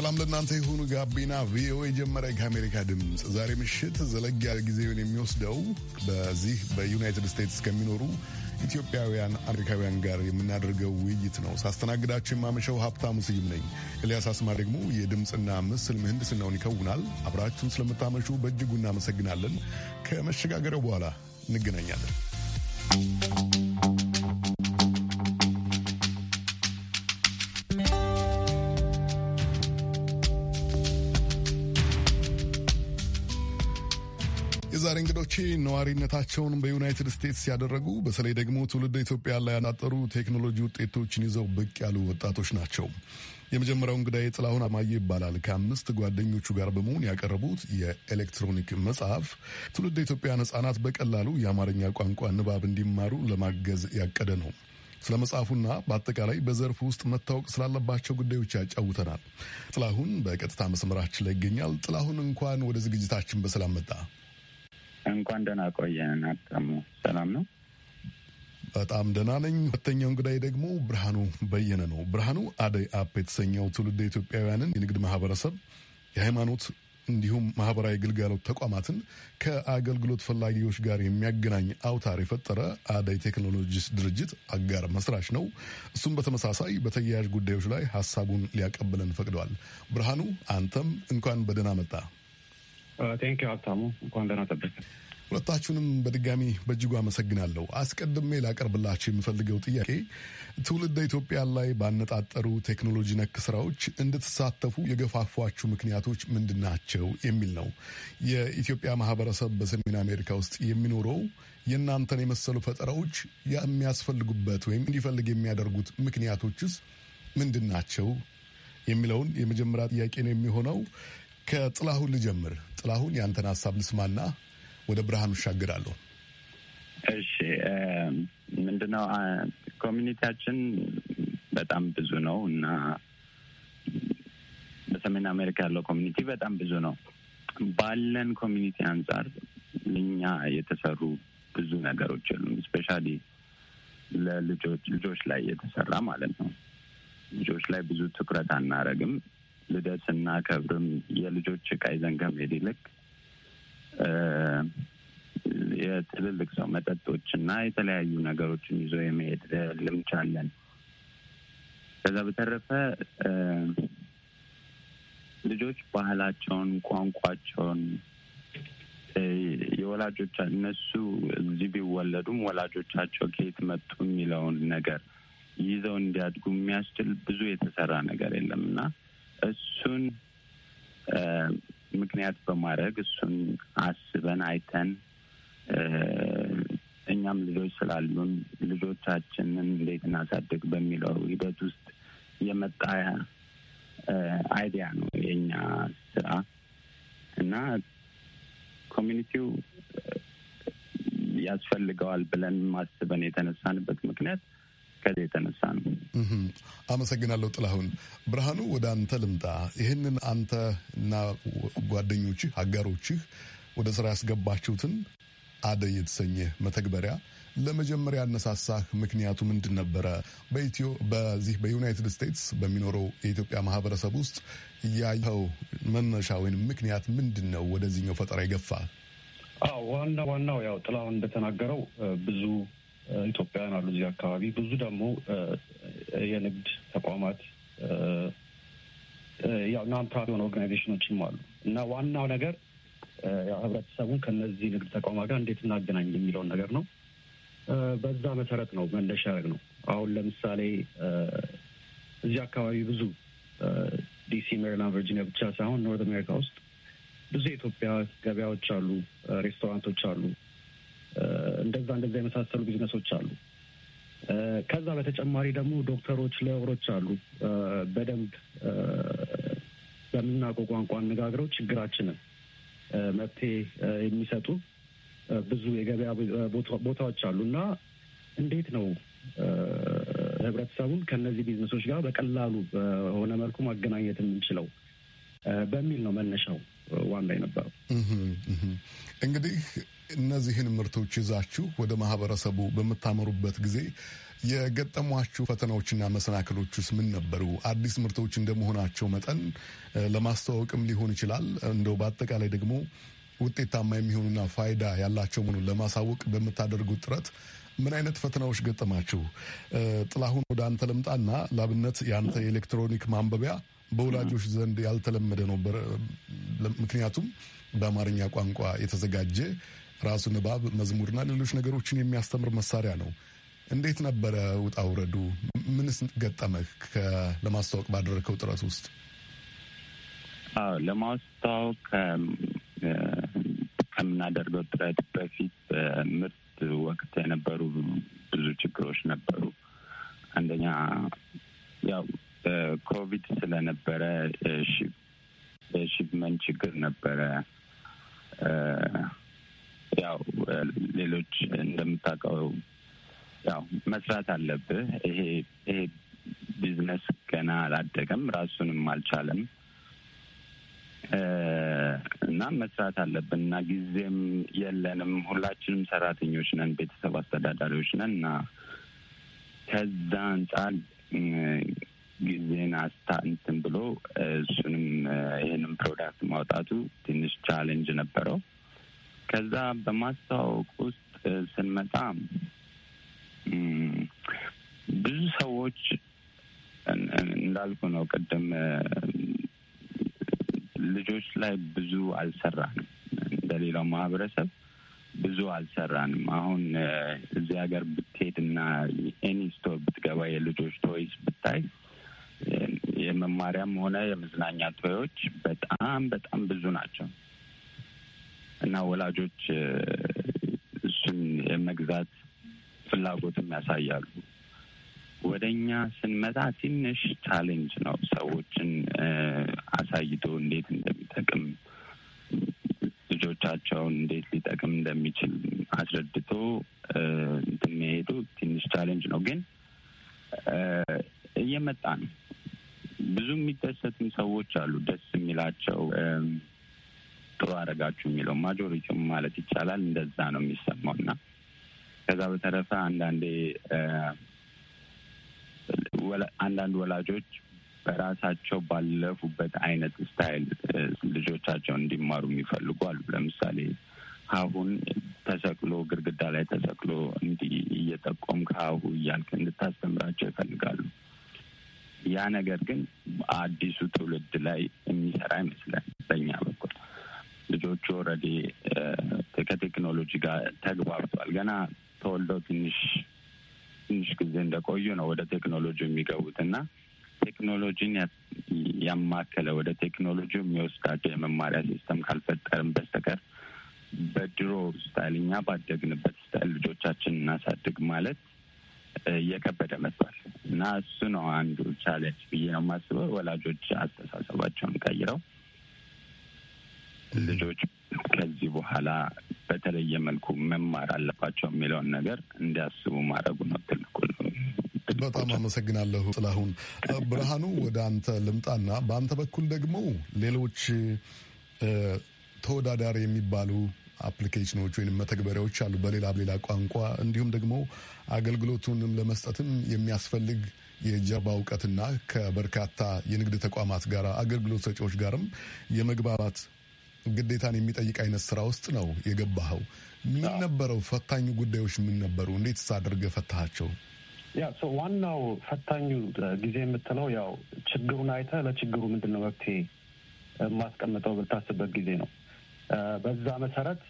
ሰላም ለእናንተ ይሁኑ። ጋቢና ቪኦኤ ጀመረ። ከአሜሪካ ድምፅ ዛሬ ምሽት ዘለግ ያለ ጊዜውን የሚወስደው በዚህ በዩናይትድ ስቴትስ ከሚኖሩ ኢትዮጵያውያን አሜሪካውያን ጋር የምናደርገው ውይይት ነው። ሳስተናግዳችሁ የማመሸው ሀብታሙ ስዩም ነኝ። ኤልያስ አስማ ደግሞ የድምፅና ምስል ምህንድስናውን ይከውናል። አብራችሁን ስለምታመሹ በእጅጉ እናመሰግናለን። ከመሸጋገሪያው በኋላ እንገናኛለን። እንግዶቼ ነዋሪነታቸውን በዩናይትድ ስቴትስ ያደረጉ በተለይ ደግሞ ትውልድ ኢትዮጵያ ላይ ያናጠሩ ቴክኖሎጂ ውጤቶችን ይዘው ብቅ ያሉ ወጣቶች ናቸው። የመጀመሪያው እንግዳ ጥላሁን አማየ ይባላል። ከአምስት ጓደኞቹ ጋር በመሆን ያቀረቡት የኤሌክትሮኒክ መጽሐፍ ትውልድ ኢትዮጵያን ሕጻናት በቀላሉ የአማርኛ ቋንቋ ንባብ እንዲማሩ ለማገዝ ያቀደ ነው። ስለ መጽሐፉና በአጠቃላይ በዘርፉ ውስጥ መታወቅ ስላለባቸው ጉዳዮች ያጫውተናል። ጥላሁን በቀጥታ መስመራችን ላይ ይገኛል። ጥላሁን እንኳን ወደ ዝግጅታችን በሰላም መጣ። እንኳን ደህና ቆየን። አዳሙ ሰላም ነው? በጣም ደህና ነኝ። ሁለተኛው እንግዳይ ደግሞ ብርሃኑ በየነ ነው። ብርሃኑ አደይ አፕ የተሰኘው ትውልድ ኢትዮጵያውያንን የንግድ ማህበረሰብ የሃይማኖት እንዲሁም ማህበራዊ ግልጋሎት ተቋማትን ከአገልግሎት ፈላጊዎች ጋር የሚያገናኝ አውታር የፈጠረ አደይ ቴክኖሎጂስ ድርጅት አጋር መስራች ነው። እሱም በተመሳሳይ በተያያዥ ጉዳዮች ላይ ሀሳቡን ሊያቀብለን ፈቅደዋል። ብርሃኑ አንተም እንኳን በደህና መጣ። ቴንክ ዩ ሀብታሙ፣ እንኳን ደህና ሁለታችሁንም በድጋሚ በእጅጉ አመሰግናለሁ። አስቀድሜ ላቀርብላችሁ የምፈልገው ጥያቄ ትውልደ ኢትዮጵያ ላይ ባነጣጠሩ ቴክኖሎጂ ነክ ስራዎች እንድትሳተፉ የገፋፏችሁ ምክንያቶች ምንድን ናቸው የሚል ነው። የኢትዮጵያ ማህበረሰብ በሰሜን አሜሪካ ውስጥ የሚኖረው የእናንተን የመሰሉ ፈጠራዎች የሚያስፈልጉበት ወይም እንዲፈልግ የሚያደርጉት ምክንያቶችስ ምንድን ናቸው የሚለውን የመጀመሪያ ጥያቄ ነው የሚሆነው። ከጥላሁን ልጀምር። ጥላሁን ያንተን ሀሳብ ልስማና ወደ ብርሃኑ እሻገራለሁ። እሺ ምንድነው ኮሚኒቲያችን በጣም ብዙ ነው እና በሰሜን አሜሪካ ያለው ኮሚኒቲ በጣም ብዙ ነው። ባለን ኮሚኒቲ አንጻር እኛ የተሰሩ ብዙ ነገሮች የሉም። ስፔሻሊ ለልጆች ልጆች ላይ የተሰራ ማለት ነው። ልጆች ላይ ብዙ ትኩረት አናረግም። ልደት ስናከብርም የልጆች እቃ ይዘን ከመሄድ ይልቅ የትልልቅ ሰው መጠጦች እና የተለያዩ ነገሮችን ይዞ የመሄድ ልምድ አለን። ከዛ በተረፈ ልጆች ባህላቸውን፣ ቋንቋቸውን የወላጆቻ እነሱ እዚህ ቢወለዱም ወላጆቻቸው ከየት መጡ የሚለውን ነገር ይዘው እንዲያድጉ የሚያስችል ብዙ የተሰራ ነገር የለም እና እሱን ምክንያት በማድረግ እሱን አስበን አይተን እኛም ልጆች ስላሉን ልጆቻችንን እንዴት እናሳድግ በሚለው ሂደት ውስጥ የመጣ አይዲያ ነው የኛ ስራ እና ኮሚኒቲው ያስፈልገዋል ብለን ማስበን የተነሳንበት ምክንያት ከዚህ የተነሳ ነው። አመሰግናለሁ ጥላሁን። ብርሃኑ ወደ አንተ ልምጣ። ይህንን አንተ እና ጓደኞችህ አጋሮችህ ወደ ስራ ያስገባችሁትን አደይ የተሰኘ መተግበሪያ ለመጀመሪያ ያነሳሳህ ምክንያቱ ምንድን ነበረ? በኢትዮ በዚህ በዩናይትድ ስቴትስ በሚኖረው የኢትዮጵያ ማህበረሰብ ውስጥ ያየኸው መነሻ ወይም ምክንያት ምንድን ነው? ወደዚህኛው ፈጠራ የገፋ ዋና ዋናው ያው ጥላሁን እንደተናገረው ብዙ ኢትዮጵያውያን አሉ እዚህ አካባቢ። ብዙ ደግሞ የንግድ ተቋማት ያው ናን የሆነ ኦርጋናይዜሽኖችም አሉ እና ዋናው ነገር ህብረተሰቡን ከነዚህ ንግድ ተቋማት ጋር እንዴት እናገናኝ የሚለውን ነገር ነው። በዛ መሰረት ነው መነሻ ያደረግ ነው። አሁን ለምሳሌ እዚህ አካባቢ ብዙ ዲሲ፣ ሜሪላንድ፣ ቨርጂኒያ ብቻ ሳይሆን ኖርት አሜሪካ ውስጥ ብዙ የኢትዮጵያ ገበያዎች አሉ፣ ሬስቶራንቶች አሉ፣ እንደዛ እንደዛ የመሳሰሉ ቢዝነሶች አሉ። ከዛ በተጨማሪ ደግሞ ዶክተሮች ለወሮች አሉ በደንብ በምናውቀው ቋንቋ አነጋግረው ችግራችንን መፍትሄ የሚሰጡ ብዙ የገበያ ቦታዎች አሉ እና እንዴት ነው ህብረተሰቡን ከነዚህ ቢዝነሶች ጋር በቀላሉ በሆነ መልኩ ማገናኘት የምንችለው በሚል ነው መነሻው ዋና የነበረው እንግዲህ እነዚህን ምርቶች ይዛችሁ ወደ ማህበረሰቡ በምታመሩበት ጊዜ የገጠሟችሁ ፈተናዎችና መሰናክሎች ውስጥ ምን ነበሩ? አዲስ ምርቶች እንደመሆናቸው መጠን ለማስተዋወቅም ሊሆን ይችላል። እንደው በአጠቃላይ ደግሞ ውጤታማ የሚሆኑና ፋይዳ ያላቸው መሆኑን ለማሳወቅ በምታደርጉት ጥረት ምን አይነት ፈተናዎች ገጠማችሁ? ጥላሁን ወደ አንተ ልምጣና ላብነት የአንተ የኤሌክትሮኒክ ማንበቢያ በወላጆች ዘንድ ያልተለመደ ነው። ምክንያቱም በአማርኛ ቋንቋ የተዘጋጀ ራሱ ንባብ መዝሙርና ሌሎች ነገሮችን የሚያስተምር መሳሪያ ነው። እንዴት ነበረ ውጣ ውረዱ? ምንስ ገጠመህ ለማስታወቅ ባደረከው ጥረት ውስጥ? ለማስታወቅ ከምናደርገው ጥረት በፊት ምርት ወቅት የነበሩ ብዙ ችግሮች ነበሩ። አንደኛ ያው ኮቪድ ስለነበረ የሺፕመንት ችግር ነበረ። ያው ሌሎች እንደምታውቀው ያው መስራት አለብህ። ይሄ ይሄ ቢዝነስ ገና አላደገም፣ ራሱንም አልቻለም እና መስራት አለብን እና ጊዜም የለንም። ሁላችንም ሰራተኞች ነን፣ ቤተሰብ አስተዳዳሪዎች ነን እና ከዛ አንጻር ጊዜን አስታ እንትን ብሎ እሱንም ይህንም ፕሮዳክት ማውጣቱ ትንሽ ቻሌንጅ ነበረው። ከዛ በማስተዋወቅ ውስጥ ስንመጣ ብዙ ሰዎች እንዳልኩ ነው ቅድም ልጆች ላይ ብዙ አልሰራንም። እንደሌላው ማህበረሰብ ብዙ አልሰራንም። አሁን እዚህ ሀገር ብትሄድና ኤኒ ስቶር ብትገባ የልጆች ቶይስ ብታይ የመማሪያም ሆነ የመዝናኛ ቶዮች በጣም በጣም ብዙ ናቸው። እና ወላጆች እሱን የመግዛት ፍላጎትም ያሳያሉ። ወደ እኛ ስንመጣ ትንሽ ቻሌንጅ ነው። ሰዎችን አሳይቶ እንዴት እንደሚጠቅም ልጆቻቸውን እንዴት ሊጠቅም እንደሚችል አስረድቶ እንትን መሄዱ ትንሽ ቻሌንጅ ነው፣ ግን እየመጣ ነው። ብዙ የሚደሰትም ሰዎች አሉ። ደስ የሚላቸው ጥሩ አደረጋችሁ የሚለው ማጆሪቲውም ማለት ይቻላል እንደዛ ነው የሚሰማው እና ከዛ በተረፈ አንዳንዴ አንዳንድ ወላጆች በራሳቸው ባለፉበት አይነት ስታይል ልጆቻቸውን እንዲማሩ የሚፈልጉ አሉ። ለምሳሌ ሀሁን ተሰቅሎ ግድግዳ ላይ ተሰቅሎ እንዲህ እየጠቆም ከሀሁ እያልክ እንድታስተምራቸው ይፈልጋሉ። ያ ነገር ግን አዲሱ ትውልድ ላይ የሚሰራ ይመስላል በእኛ በኩል ልጆቹ ኦልሬዲ uh, ከቴክኖሎጂ ጋር ተግባብቷል። ገና ተወልደው ትንሽ ትንሽ ጊዜ እንደቆዩ ነው ወደ ቴክኖሎጂ የሚገቡት እና ቴክኖሎጂን ያማከለ ወደ ቴክኖሎጂ የሚወስዳቸው የመማሪያ ሲስተም ካልፈጠርም በስተቀር በድሮ ስታይል እኛ ባደግንበት ስታይል ልጆቻችን እናሳድግ ማለት uh, እየከበደ መጥቷል እና እሱ ነው አንዱ ቻሌንጅ ብዬ ነው የማስበው። ወላጆች አስተሳሰባቸውን ቀይረው ልጆች ከዚህ በኋላ በተለየ መልኩ መማር አለባቸው የሚለውን ነገር እንዲያስቡ ማድረጉ ነው ትልቁ። በጣም አመሰግናለሁ ጥላሁን። ብርሃኑ ወደ አንተ ልምጣና በአንተ በኩል ደግሞ ሌሎች ተወዳዳሪ የሚባሉ አፕሊኬሽኖች ወይም መተግበሪያዎች አሉ በሌላ በሌላ ቋንቋ እንዲሁም ደግሞ አገልግሎቱንም ለመስጠትም የሚያስፈልግ የጀርባ እውቀትና ከበርካታ የንግድ ተቋማት ጋር አገልግሎት ሰጪዎች ጋርም የመግባባት ግዴታን የሚጠይቅ አይነት ስራ ውስጥ ነው የገባኸው። ምን ነበረው ፈታኙ ጉዳዮች? ምን ነበሩ? እንዴትስ አድርገህ ፈታሃቸው? ያ ዋናው ፈታኙ ጊዜ የምትለው ያው ችግሩን አይተህ ለችግሩ ምንድን ነው መፍትሄ የማስቀምጠው ብታስበት ጊዜ ነው። በዛ መሰረት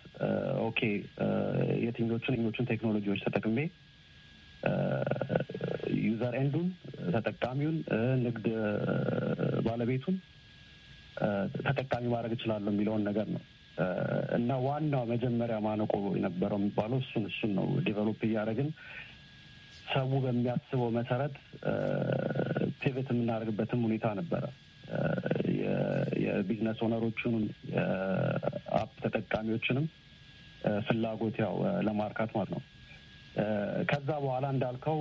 ኦኬ የትኞቹን የትኞቹን ቴክኖሎጂዎች ተጠቅሜ ዩዘር ኤንዱን ተጠቃሚውን፣ ንግድ ባለቤቱን ተጠቃሚ ማድረግ እችላለሁ የሚለውን ነገር ነው እና ዋናው መጀመሪያ ማነቆ የነበረው የሚባለው እሱን እሱን ነው ዲቨሎፕ እያደረግን ሰው በሚያስበው መሰረት ፒቨት የምናደርግበትም ሁኔታ ነበረ። የቢዝነስ ኦነሮቹንም የአፕ ተጠቃሚዎችንም ፍላጎት ያው ለማርካት ማለት ነው። ከዛ በኋላ እንዳልከው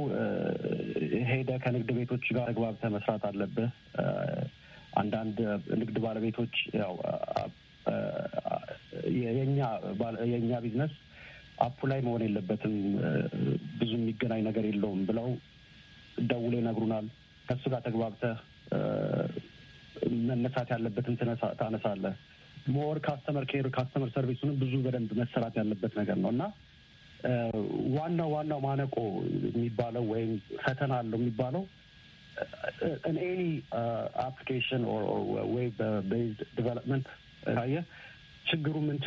ሄደ ከንግድ ቤቶች ጋር ተግባብተህ መስራት አለብህ። አንዳንድ ንግድ ባለቤቶች ያው የኛ የእኛ ቢዝነስ አፑ ላይ መሆን የለበትም ብዙ የሚገናኝ ነገር የለውም ብለው ደውሎ ይነግሩናል። ከሱ ጋር ተግባብተህ መነሳት ያለበትን ታነሳለህ። ሞር ካስተመር ኬር ካስተመር ሰርቪሱንም ብዙ በደንብ መሰራት ያለበት ነገር ነው እና ዋናው ዋናው ማነቆ የሚባለው ወይም ፈተና አለው የሚባለው in any uh, application or, or uh, web ታየ ችግሩ ምን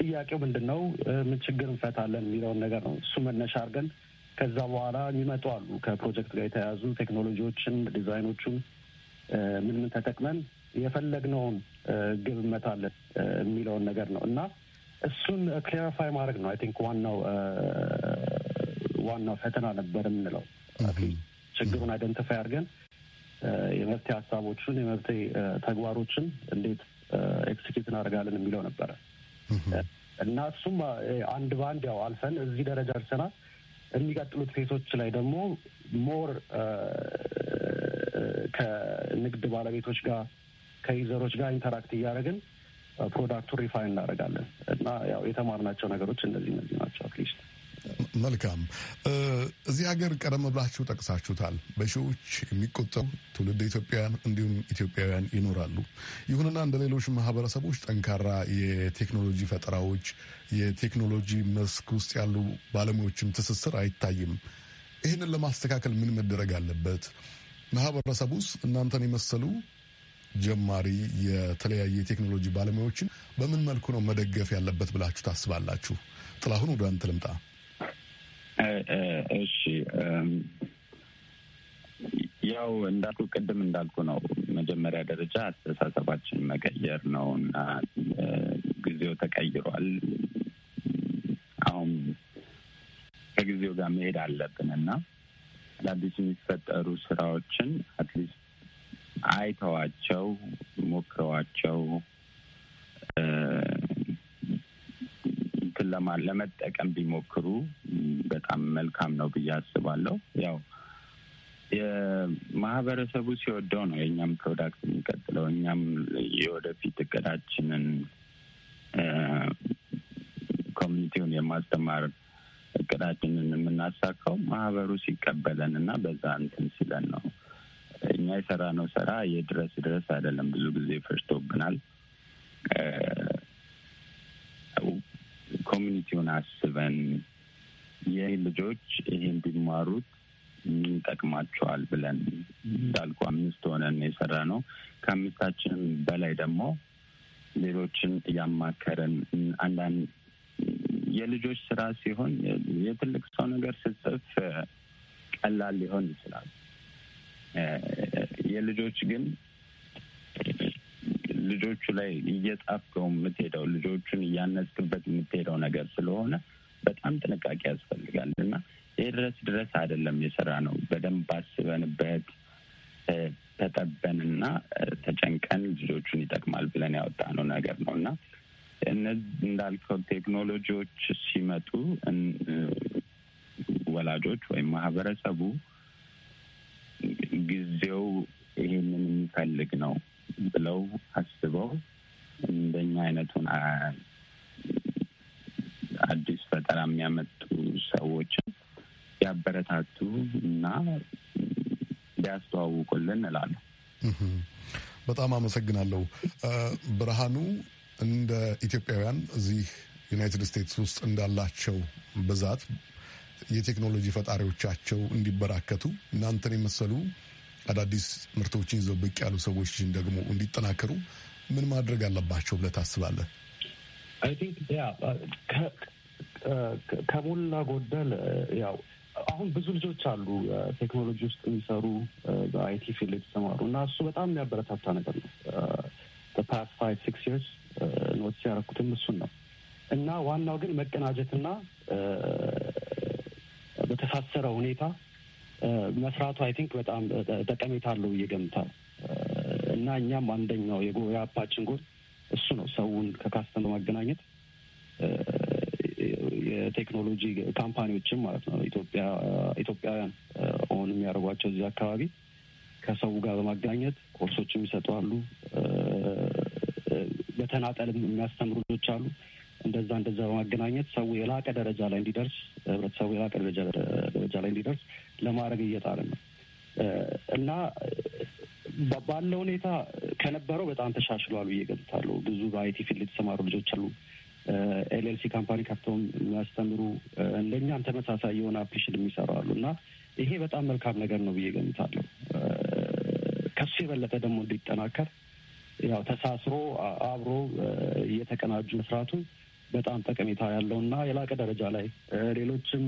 ጥያቄው ምንድን ነው? ምን ችግር እንፈታለን የሚለውን ነገር ነው። እሱ መነሻ አድርገን ከዛ በኋላ የሚመጡ አሉ ከፕሮጀክት ጋር የተያያዙ ቴክኖሎጂዎችን፣ ዲዛይኖቹን ምን ምን ተጠቅመን የፈለግነውን ግብ እንመታለን የሚለውን ነገር ነው እና እሱን ክሊሪፋይ ማድረግ ነው አይ ቲንክ ዋናው ዋናው ፈተና ነበር የምንለው ችግሩን አይደንቲፋይ አድርገን የመፍትሄ ሀሳቦችን የመፍትሄ ተግባሮችን እንዴት ኤክስኪዩት እናደርጋለን የሚለው ነበረ እና እሱም አንድ በአንድ ያው አልፈን እዚህ ደረጃ ደርሰናል። የሚቀጥሉት ፌሶች ላይ ደግሞ ሞር ከንግድ ባለቤቶች ጋር ከዩዘሮች ጋር ኢንተራክት እያደረግን ፕሮዳክቱን ሪፋይን እናደርጋለን እና ያው የተማርናቸው ነገሮች እነዚህ እነዚህ ናቸው አትሊስት መልካም። እዚህ ሀገር ቀደም ብላችሁ ጠቅሳችሁታል። በሺዎች የሚቆጠሩ ትውልድ ኢትዮጵያውያን እንዲሁም ኢትዮጵያውያን ይኖራሉ። ይሁንና እንደ ሌሎች ማህበረሰቦች ጠንካራ የቴክኖሎጂ ፈጠራዎች፣ የቴክኖሎጂ መስክ ውስጥ ያሉ ባለሙያዎችም ትስስር አይታይም። ይህንን ለማስተካከል ምን መደረግ አለበት? ማህበረሰቡስ ውስጥ እናንተን የመሰሉ ጀማሪ የተለያየ የቴክኖሎጂ ባለሙያዎችን በምን መልኩ ነው መደገፍ ያለበት ብላችሁ ታስባላችሁ? ጥላሁን ወደ አንተ ልምጣ። እሺ ያው እንዳልኩ ቅድም እንዳልኩ ነው መጀመሪያ ደረጃ አስተሳሰባችን መቀየር ነው እና ጊዜው ተቀይሯል። አሁን ከጊዜው ጋር መሄድ አለብን እና አዳዲስ የሚፈጠሩ ስራዎችን አትሊስት አይተዋቸው ሞክረዋቸው እውቀትን ለመጠቀም ቢሞክሩ በጣም መልካም ነው ብዬ አስባለሁ። ያው የማህበረሰቡ ሲወደው ነው የእኛም ፕሮዳክት የሚቀጥለው። እኛም የወደፊት እቅዳችንን ኮሚኒቲውን የማስተማር እቅዳችንን የምናሳካው ማህበሩ ሲቀበለን እና በዛ እንትን ሲለን ነው። እኛ የሰራነው ስራ የድረስ ድረስ አይደለም። ብዙ ጊዜ ፈጅቶብናል። ኮሚኒቲውን አስበን ይህ ልጆች ይህን ቢማሩት ይጠቅማቸዋል ብለን እንዳልኩ አምስት ሆነን የሰራ ነው። ከአምስታችን በላይ ደግሞ ሌሎችን እያማከረን አንዳንድ የልጆች ስራ ሲሆን የትልቅ ሰው ነገር ስጽፍ ቀላል ሊሆን ይችላል። የልጆች ግን ልጆቹ ላይ እየጻፍከው የምትሄደው ልጆቹን እያነጽክበት የምትሄደው ነገር ስለሆነ በጣም ጥንቃቄ ያስፈልጋል እና ይህ ድረስ ድረስ አይደለም የሰራ ነው። በደንብ አስበንበት ተጠበንና ተጨንቀን ልጆቹን ይጠቅማል ብለን ያወጣነው ነገር ነው እና እነዚህ እንዳልከው ቴክኖሎጂዎች ሲመጡ ወላጆች ወይም ማህበረሰቡ ጊዜው ይሄንን የሚፈልግ ነው ብለው አስበው እንደኛ አይነቱን አዲስ ፈጠራ የሚያመጡ ሰዎችን ያበረታቱ እና ሊያስተዋውቁልን እላለሁ። በጣም አመሰግናለሁ ብርሃኑ። እንደ ኢትዮጵያውያን እዚህ ዩናይትድ ስቴትስ ውስጥ እንዳላቸው ብዛት የቴክኖሎጂ ፈጣሪዎቻቸው እንዲበራከቱ እናንተን የመሰሉ አዳዲስ ምርቶችን ይዘው ብቅ ያሉ ሰዎችን ደግሞ እንዲጠናከሩ ምን ማድረግ አለባቸው ብለህ ታስባለህ? Uh, ከሞላ ጎደል uh, ያው አሁን ብዙ ልጆች አሉ uh, ቴክኖሎጂ ውስጥ የሚሰሩ በአይቲ ፊልድ የተሰማሩ እና እሱ በጣም የሚያበረታታ ነገር ነው። በፓስት ፋይቭ ሲክስ ይርስ ኖት ሲያረኩትም እሱን ነው እና ዋናው ግን መቀናጀትና በተሳሰረ ሁኔታ መስራቱ አይ ቲንክ በጣም ጠቀሜታ አለው ብዬ ገምታለሁ። እና እኛም አንደኛው የአፓችን ጎል እሱ ነው፣ ሰውን ከካስተም በማገናኘት የቴክኖሎጂ ካምፓኒዎችም ማለት ነው ኢትዮጵያ ኢትዮጵያውያን ኦን የሚያደርጓቸው እዚህ አካባቢ ከሰው ጋር በማገናኘት ኮርሶችም ይሰጠዋሉ። በተናጠልም የሚያስተምሩ ልጆች አሉ። እንደዛ እንደዛ በማገናኘት ሰው የላቀ ደረጃ ላይ እንዲደርስ ህብረተሰቡ የላቀ ደረጃ ላይ እንዲደርስ ለማድረግ እየጣረ ነው እና ባለው ሁኔታ ከነበረው በጣም ተሻሽሏል ብዬ እገምታለሁ። ብዙ በአይቲ ፊልድ የተሰማሩ ልጆች አሉ። ኤልኤልሲ ካምፓኒ ከፍተውም የሚያስተምሩ እንደኛም ተመሳሳይ የሆነ አፕሊኬሽን የሚሰሩ አሉ እና ይሄ በጣም መልካም ነገር ነው ብዬ ከሱ የበለጠ ደግሞ እንዲጠናከር ያው ተሳስሮ አብሮ እየተቀናጁ መስራቱ በጣም ጠቀሜታ ያለው እና የላቀ ደረጃ ላይ ሌሎችም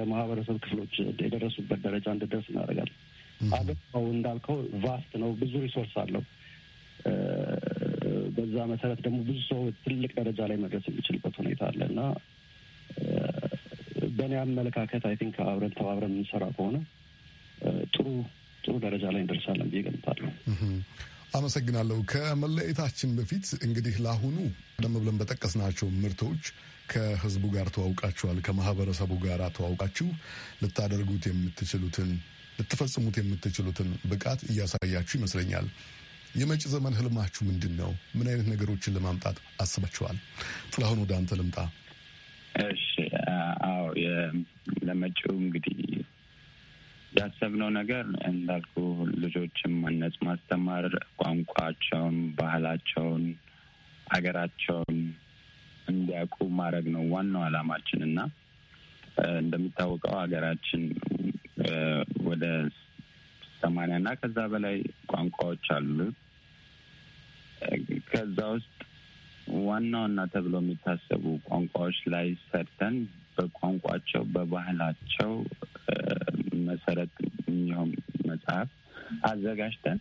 የማህበረሰብ ክፍሎች የደረሱበት ደረጃ እንድደርስ እናደርጋለን። አገባው እንዳልከው ቫስት ነው፣ ብዙ ሪሶርስ አለው። በዛ መሰረት ደግሞ ብዙ ሰው ትልቅ ደረጃ ላይ መድረስ የሚችልበት ሁኔታ አለ እና በእኔ አመለካከት አይ ቲንክ አብረን ተባብረን የምንሰራ ከሆነ ጥሩ ጥሩ ደረጃ ላይ እንደርሳለን ብዬ እገምታለሁ። አመሰግናለሁ። ከመለየታችን በፊት እንግዲህ ለአሁኑ ቀደም ብለን በጠቀስናቸው ምርቶች ከህዝቡ ጋር ተዋውቃችኋል። ከማህበረሰቡ ጋር ተዋውቃችሁ ልታደርጉት የምትችሉትን ልትፈጽሙት የምትችሉትን ብቃት እያሳያችሁ ይመስለኛል። የመጪ ዘመን ህልማችሁ ምንድን ነው? ምን አይነት ነገሮችን ለማምጣት አስባችኋል? ጥላሁን ወደ አንተ ልምጣ። እሺ፣ አዎ ለመጪው እንግዲህ ያሰብነው ነገር እንዳልኩ ልጆችን ማነጽ፣ ማስተማር፣ ቋንቋቸውን፣ ባህላቸውን፣ ሀገራቸውን እንዲያውቁ ማድረግ ነው ዋናው አላማችን እና እንደሚታወቀው ሀገራችን ወደ ሰማንያ እና ከዛ በላይ ቋንቋዎች አሉ። ከዛ ውስጥ ዋና ዋና ተብሎ የሚታሰቡ ቋንቋዎች ላይ ሰርተን በቋንቋቸው በባህላቸው መሰረት የሚሆን መጽሐፍ አዘጋጅተን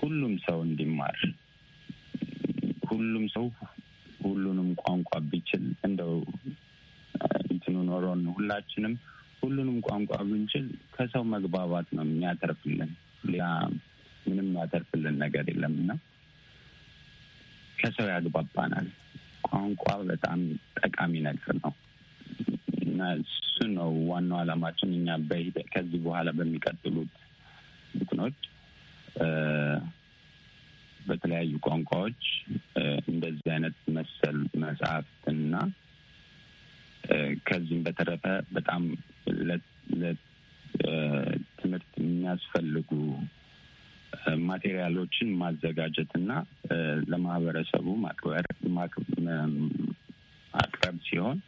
ሁሉም ሰው እንዲማር ሁሉም ሰው ሁሉንም ቋንቋ ቢችል እንደው እንትኑ ኖሮን ሁላችንም ሁሉንም ቋንቋ ብንችል ከሰው መግባባት ነው የሚያተርፍልን። ሌላ ምንም ያተርፍልን ነገር የለም እና ከሰው ያግባባናል። ቋንቋ በጣም ጠቃሚ ነገር ነው። እና እሱ ነው ዋናው አላማችን እኛ ከዚህ በኋላ በሚቀጥሉት ቡድኖች በተለያዩ ቋንቋዎች እንደዚህ አይነት መሰል እና ከዚህም በተረፈ በጣም ለትምህርት የሚያስፈልጉ ማቴሪያሎችን ማዘጋጀትና ለማህበረሰቡ ማቅረብ ሲሆን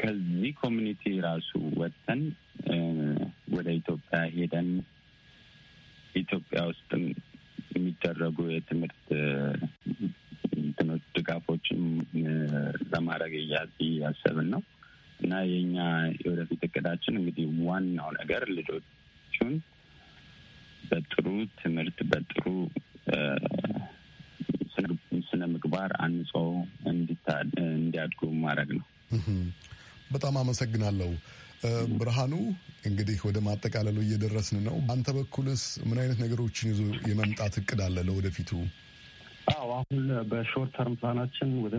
ከዚህ ኮሚኒቲ ራሱ ወጥተን ወደ ኢትዮጵያ ሄደን ኢትዮጵያ ውስጥ የሚደረጉ የትምህርት እንትኖች ድጋፎችን ለማድረግ እያሰብን ነው እና የኛ የወደፊት እቅዳችን እንግዲህ ዋናው ነገር ልጆቹን በጥሩ ትምህርት በጥሩ ስነ ምግባር አንጾ እንዲያድጉ ማድረግ ነው። በጣም አመሰግናለሁ ብርሃኑ። እንግዲህ ወደ ማጠቃለሉ እየደረስን ነው። አንተ በኩልስ ምን አይነት ነገሮችን ይዞ የመምጣት እቅድ አለ ለወደፊቱ? አዎ አሁን በሾርት ተርም ፕላናችን ወደ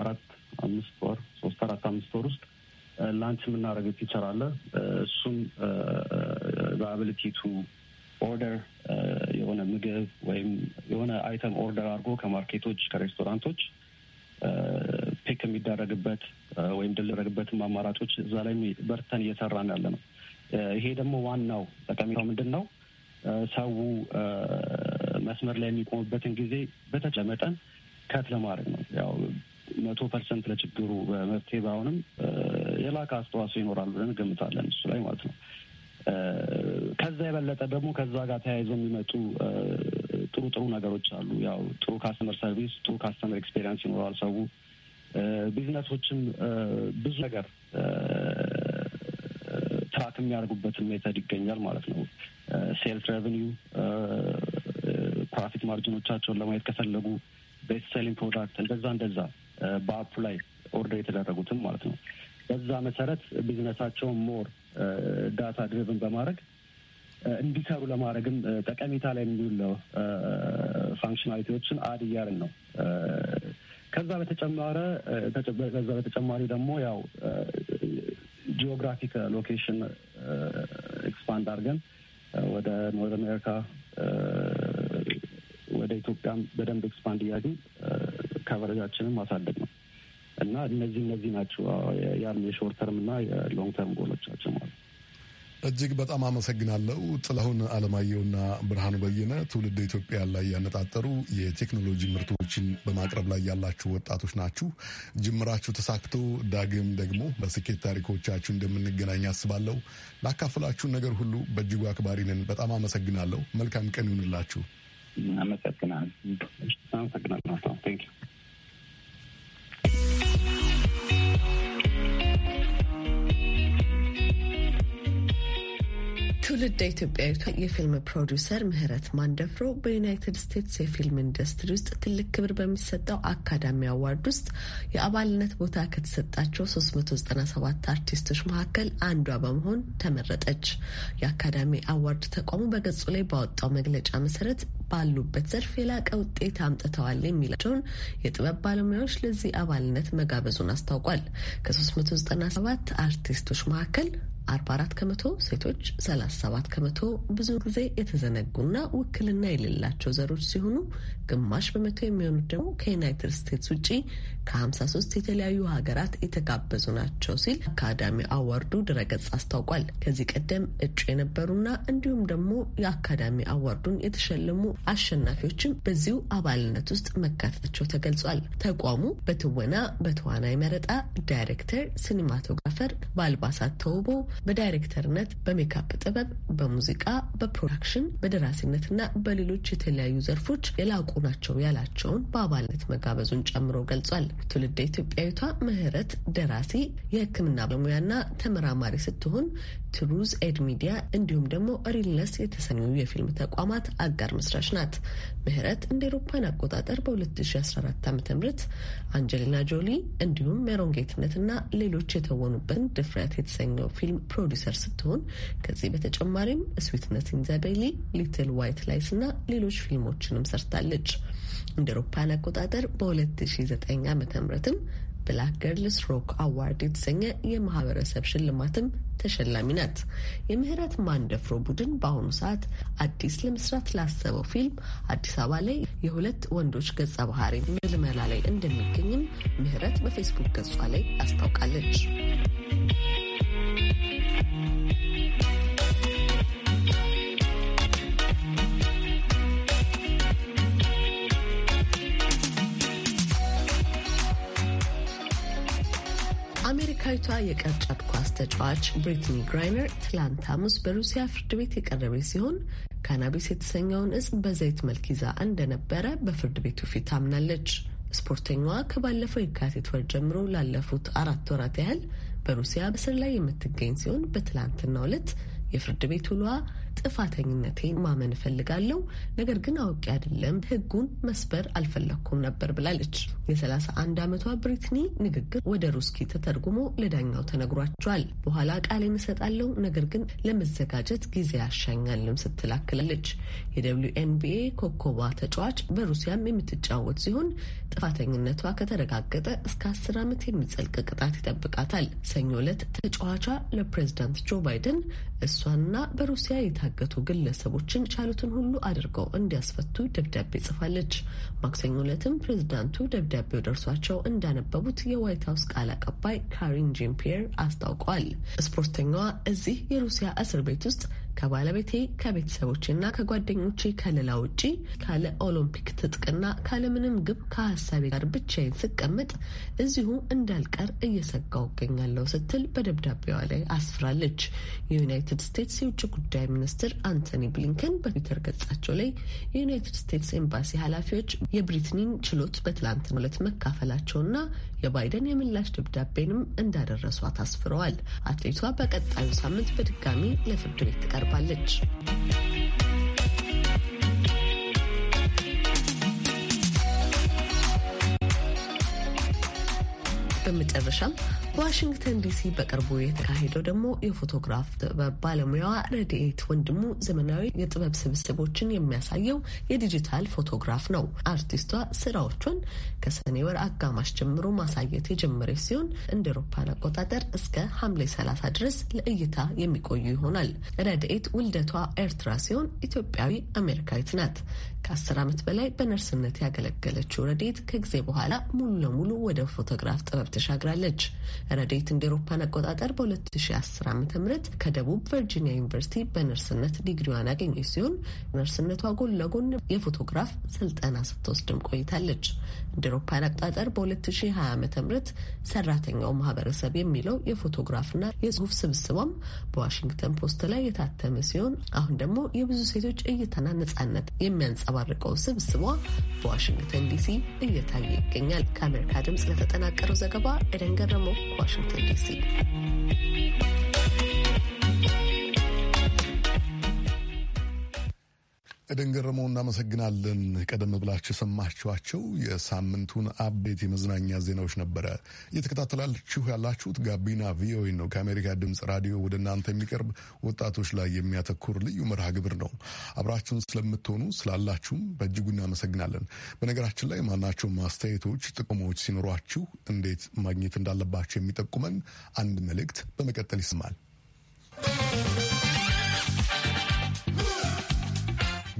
አራት አምስት ወር ሶስት አራት አምስት ወር ውስጥ ላንች የምናደርገው ፊቸር አለ። እሱም በአብልቲቱ ኦርደር የሆነ ምግብ ወይም የሆነ አይተም ኦርደር አድርጎ ከማርኬቶች ከሬስቶራንቶች ከሚደረግበት ወይም ድል አማራጮች እዛ ላይ በርተን እየሰራን ያለ ነው። ይሄ ደግሞ ዋናው ጠቀሜታው ምንድን ነው? ሰው መስመር ላይ የሚቆምበትን ጊዜ በተቻለ መጠን ከት ለማድረግ ነው። ያው መቶ ፐርሰንት ለችግሩ መፍትሄ ባይሆንም የላቀ አስተዋጽኦ ይኖራል ብለን እንገምታለን እሱ ላይ ማለት ነው። ከዛ የበለጠ ደግሞ ከዛ ጋር ተያይዞ የሚመጡ ጥሩ ጥሩ ነገሮች አሉ። ያው ጥሩ ካስተመር ሰርቪስ፣ ጥሩ ካስተመር ኤክስፔሪንስ ይኖረዋል ሰው ቢዝነሶችም ብዙ ነገር ትራክ የሚያደርጉበትን ሜተድ ይገኛል ማለት ነው። ሴልስ ሬቨኒው፣ ፕራፊት ማርጅኖቻቸውን ለማየት ከፈለጉ ቤስት ሴሊንግ ፕሮዳክት እንደዛ እንደዛ በአፑ ላይ ኦርደር የተደረጉትም ማለት ነው። በዛ መሰረት ቢዝነሳቸውን ሞር ዳታ ድሪቭን በማድረግ እንዲሰሩ ለማድረግም ጠቀሜታ ላይ የሚውለው ፋንክሽናሊቲዎችን አድ እያርን ነው ከዛ በተጨማረ ከዛ በተጨማሪ ደግሞ ያው ጂኦግራፊክ ሎኬሽን ኤክስፓንድ አድርገን ወደ ኖርዝ አሜሪካ ወደ ኢትዮጵያም በደንብ ኤክስፓንድ እያደረግን ከቨረጃችንን ማሳደግ ነው እና እነዚህ እነዚህ ናቸው ያሉ የሾርት ተርም እና የሎንግ ተርም ጎሎቻችን ማለት እጅግ በጣም አመሰግናለሁ ጥላሁን አለማየሁና ብርሃኑ በየነ ትውልድ ኢትዮጵያ ላይ ያነጣጠሩ የቴክኖሎጂ ምርቶችን በማቅረብ ላይ ያላችሁ ወጣቶች ናችሁ። ጅምራችሁ ተሳክቶ ዳግም ደግሞ በስኬት ታሪኮቻችሁ እንደምንገናኝ አስባለሁ። ላካፍላችሁን ነገር ሁሉ በእጅጉ አክባሪ ነን። በጣም አመሰግናለሁ። መልካም ቀን ይሁንላችሁ። አመሰግናለሁ። ትውልደ ኢትዮጵያዊቷ የፊልም ፕሮዲውሰር ምህረት ማንደፍሮ በዩናይትድ ስቴትስ የፊልም ኢንዱስትሪ ውስጥ ትልቅ ክብር በሚሰጠው አካዳሚ አዋርድ ውስጥ የአባልነት ቦታ ከተሰጣቸው 397 አርቲስቶች መካከል አንዷ በመሆን ተመረጠች። የአካዳሚ አዋርድ ተቋሙ በገጹ ላይ ባወጣው መግለጫ መሰረት ባሉበት ዘርፍ የላቀ ውጤት አምጥተዋል የሚላቸውን የጥበብ ባለሙያዎች ለዚህ አባልነት መጋበዙን አስታውቋል። ከ397 አርቲስቶች መካከል 44 ከመቶ ሴቶች፣ 37 ከመቶ ብዙ ጊዜ የተዘነጉና ውክልና የሌላቸው ዘሮች ሲሆኑ ግማሽ በመቶ የሚሆኑት ደግሞ ከዩናይትድ ስቴትስ ውጪ ከ53 የተለያዩ ሀገራት የተጋበዙ ናቸው ሲል አካዳሚ አዋርዱ ድረገጽ አስታውቋል። ከዚህ ቀደም እጩ የነበሩና እንዲሁም ደግሞ የአካዳሚ አዋርዱን የተሸለሙ አሸናፊዎችም በዚሁ አባልነት ውስጥ መካተታቸው ተገልጿል። ተቋሙ በትወና በተዋናይ መረጣ፣ ዳይሬክተር፣ ሲኒማቶግራፈር፣ በአልባሳት ተውቦ፣ በዳይሬክተርነት፣ በሜካፕ ጥበብ፣ በሙዚቃ፣ በፕሮዳክሽን፣ በደራሲነትና በሌሎች የተለያዩ ዘርፎች የላቁ ናቸው ያላቸውን በአባልነት መጋበዙን ጨምሮ ገልጿል። ትውልደ ኢትዮጵያዊቷ ምህረት ደራሲ የህክምና ባለሙያና ተመራማሪ ስትሆን ትሩዝ ኤድ ሚዲያ እንዲሁም ደግሞ ሪልነስ የተሰኙ የፊልም ተቋማት አጋር መስራች ናት። ምህረት እንደ ኤሮፓን አቆጣጠር በ2014 ዓ ም አንጀሊና ጆሊ እንዲሁም ሜሮን ጌትነትና ሌሎች የተወኑበትን ድፍረት የተሰኘው ፊልም ፕሮዲሰር ስትሆን ከዚህ በተጨማሪም ስዊትነስ ኢንዘቤሊ፣ ሊትል ዋይት ላይስ እና ሌሎች ፊልሞችንም ሰርታለች። እንደ ኤሮፓን አቆጣጠር በ2009 ዓ ምትም ብላክ ገርልስ ሮክ አዋርድ የተሰኘ የማህበረሰብ ሽልማትም ተሸላሚ ናት። የምህረት ማንደፍሮ ቡድን በአሁኑ ሰዓት አዲስ ለመስራት ላሰበው ፊልም አዲስ አበባ ላይ የሁለት ወንዶች ገጸ ባህሪ ምልመላ ላይ እንደሚገኝም ምህረት በፌስቡክ ገጿ ላይ አስታውቃለች። አሜሪካዊቷ የቅርጫት ኳስ ተጫዋች ብሪትኒ ግራይነር ትላንት ሐሙስ በሩሲያ ፍርድ ቤት የቀረበች ሲሆን ካናቢስ የተሰኘውን እጽ በዘይት መልክ ይዛ እንደነበረ በፍርድ ቤቱ ፊት አምናለች። ስፖርተኛዋ ከባለፈው የካቲት ወር ጀምሮ ላለፉት አራት ወራት ያህል በሩሲያ በስር ላይ የምትገኝ ሲሆን በትላንትናው ዕለት የፍርድ ቤት ውሏ ጥፋተኝነቴን ማመን እፈልጋለሁ፣ ነገር ግን አውቄ አይደለም ህጉን መስበር አልፈለግኩም ነበር ብላለች። የ31 ዓመቷ ብሪትኒ ንግግር ወደ ሩስኪ ተተርጉሞ ለዳኛው ተነግሯቸዋል። በኋላ ቃሌን እሰጣለሁ፣ ነገር ግን ለመዘጋጀት ጊዜ ያሻኛልም ስትላክላለች። አክላለች። የደብሊው ኤንቢኤ ኮከቧ ተጫዋች በሩሲያም የምትጫወት ሲሆን ጥፋተኝነቷ ከተረጋገጠ እስከ አስር ዓመት የሚጸልቅ ቅጣት ይጠብቃታል። ሰኞ ዕለት ተጫዋቿ ለፕሬዚዳንት ጆ ባይደን እሷና በሩሲያ የታ የታገቱ ግለሰቦችን ቻሉትን ሁሉ አድርገው እንዲያስፈቱ ደብዳቤ ጽፋለች። ማክሰኞ ዕለትም ፕሬዚዳንቱ ደብዳቤው ደርሷቸው እንዳነበቡት የዋይት ሀውስ ቃል አቀባይ ካሪን ጄን ፒየር አስታውቀዋል። ስፖርተኛዋ እዚህ የሩሲያ እስር ቤት ውስጥ ከባለቤቴ ከቤተሰቦቼና ከጓደኞቼ ከሌላ ውጪ ካለ ኦሎምፒክ ትጥቅና ካለምንም ግብ ከሀሳቤ ጋር ብቻዬን ስቀመጥ እዚሁ እንዳልቀር እየሰጋው እገኛለሁ ስትል በደብዳቤዋ ላይ አስፍራለች። የዩናይትድ ስቴትስ የውጭ ጉዳይ ሚኒስትር አንቶኒ ብሊንከን በትዊተር ገጻቸው ላይ የዩናይትድ ስቴትስ ኤምባሲ ኃላፊዎች የብሪትኒን ችሎት በትላንትናው ዕለት መካፈላቸውና የባይደን የምላሽ ደብዳቤንም እንዳደረሷት አስፍረዋል። አትሌቷ በቀጣዩ ሳምንት በድጋሚ ለፍርድ ቤት ትቀርባለች። ታቀርባለች። በመጨረሻም በዋሽንግተን ዲሲ በቅርቡ የተካሄደው ደግሞ የፎቶግራፍ ጥበብ ባለሙያዋ ረድኤት ወንድሙ ዘመናዊ የጥበብ ስብስቦችን የሚያሳየው የዲጂታል ፎቶግራፍ ነው። አርቲስቷ ስራዎቿን ከሰኔ ወር አጋማሽ ጀምሮ ማሳየት የጀመረች ሲሆን እንደ አውሮፓውያን አቆጣጠር እስከ ሐምሌ 30 ድረስ ለእይታ የሚቆዩ ይሆናል። ረድኤት ውልደቷ ኤርትራ ሲሆን ኢትዮጵያዊ አሜሪካዊት ናት። ከአስር ዓመት በላይ በነርስነት ያገለገለችው ረድኤት ከጊዜ በኋላ ሙሉ ለሙሉ ወደ ፎቶግራፍ ጥበብ ተሻግራለች። ረዴት እንደ ኤሮፓን አቆጣጠር በ2010 ዓ ም ከደቡብ ቨርጂኒያ ዩኒቨርሲቲ በነርስነት ዲግሪዋን ያገኘች ሲሆን ነርስነቷ ጎን ለጎን የፎቶግራፍ ስልጠና ስትወስድም ቆይታለች። እንደ ኤሮፓን አቆጣጠር በ2020 ዓ ም ሰራተኛው ማህበረሰብ የሚለው የፎቶግራፍና የጽሁፍ ስብስቧም በዋሽንግተን ፖስት ላይ የታተመ ሲሆን አሁን ደግሞ የብዙ ሴቶች እይታና ነጻነት የሚያንጸባርቀው ስብስቧ በዋሽንግተን ዲሲ እየታየ ይገኛል። ከአሜሪካ ድምፅ ለተጠናቀረው ዘገባ ኤደን ገረመው Washington DC. ኤደን ገረመው እናመሰግናለን። ቀደም ብላችሁ የሰማችኋቸው የሳምንቱን አበይት የመዝናኛ ዜናዎች ነበረ። እየተከታተላችሁ ያላችሁት ጋቢና ቪኦኤ ነው፣ ከአሜሪካ ድምፅ ራዲዮ ወደ እናንተ የሚቀርብ ወጣቶች ላይ የሚያተኩር ልዩ መርሃ ግብር ነው። አብራችሁን ስለምትሆኑ ስላላችሁም በእጅጉ እናመሰግናለን። በነገራችን ላይ ማናቸውም አስተያየቶች፣ ጥቅሞች ሲኖሯችሁ እንዴት ማግኘት እንዳለባቸው የሚጠቁመን አንድ መልእክት በመቀጠል ይሰማል።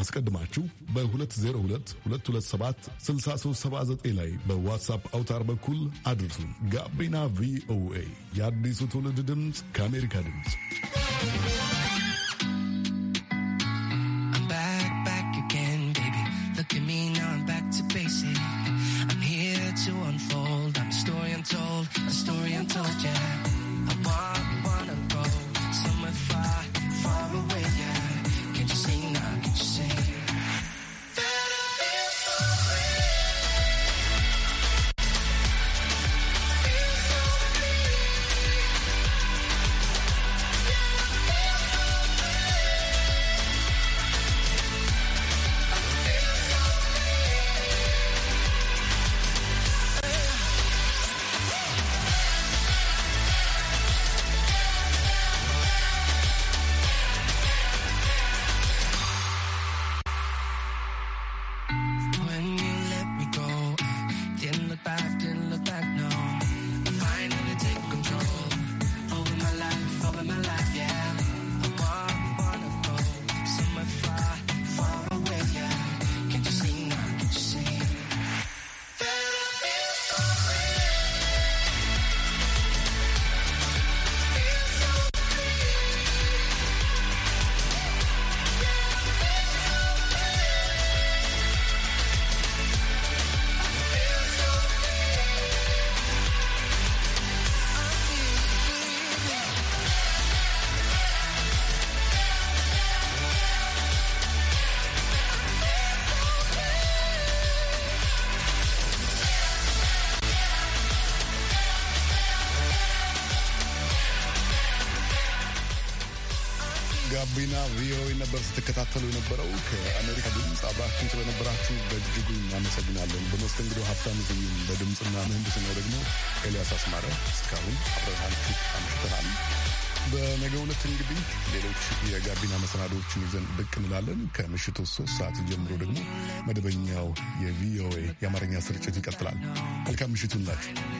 አስቀድማችሁ በ 6379 ላይ በዋትሳፕ አውታር በኩል አድርሱ። ጋቢና ቪኦኤ የአዲሱ ትውልድ ድምፅ ከአሜሪካ ድምፅ ነበር ስትከታተሉ የነበረው። ከአሜሪካ ድምፅ አብራችሁ ስለነበራችሁ በእጅጉ እናመሰግናለን። በመስተንግዶ ሀብታም ስዩም፣ በድምፅና ምህንድስ ነው ደግሞ ኤልያስ አስማረ። እስካሁን አብረናችሁ አምሽተናል። በነገ ሁለት እንግዲህ ሌሎች የጋቢና መሰናዶዎችን ይዘን ብቅ እንላለን። ከምሽቱ ሶስት ሰዓት ጀምሮ ደግሞ መደበኛው የቪኦኤ የአማርኛ ስርጭት ይቀጥላል። መልካም ምሽቱን ናችሁ።